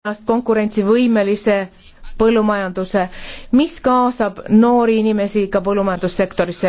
ennast konkurentsivõimelise põllumajanduse, mis kaasab noori inimesi ka põllumajandussektorisse.